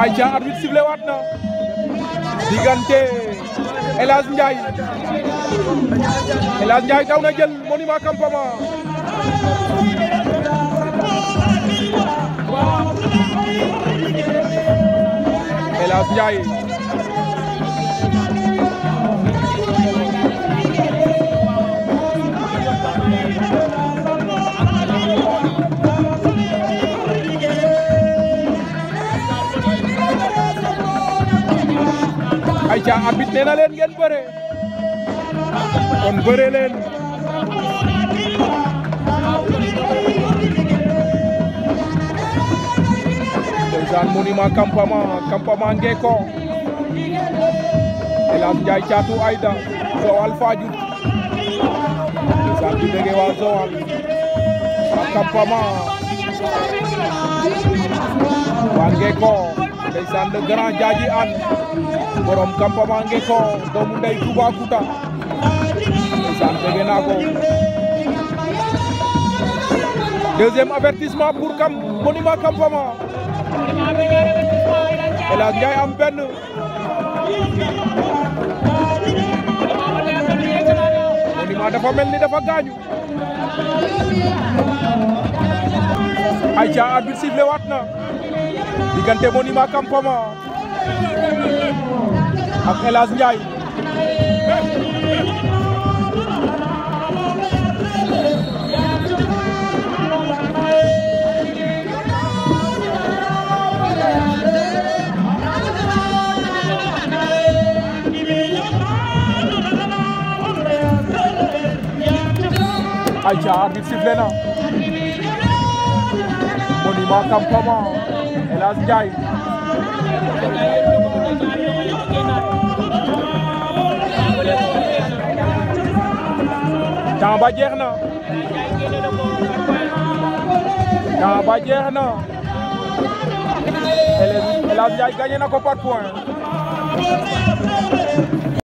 ayca arbitre sifflé waat na diggante El Hadj Ndiaye El Hadj jël monument campement El Hadj ay ca abit nee leen ngeen bëre kon bëre leen ndeysaan monument campement campement Ngeko El Hadj Ndiaye Caatu Aïda Joal Fadiouth ndeysaan di bëgg waa Joal waa campement waa Ngeko ndeysaan le grand jaaji an borom campement Ngeko doomu ndey Toubacouta ndeysaan jege naa ko deuxième avertissement pour kam monument campement El Hadj Ndiaye am benn monument dafa mel ni dafa gaañu ayca arbitre sifflé waat diggante Monument Campement ak El Hadj Ndiaye Aïcha arbitre sifflé na Monument Campement El Hadj Ndiaye temps ba jeex na temps na El na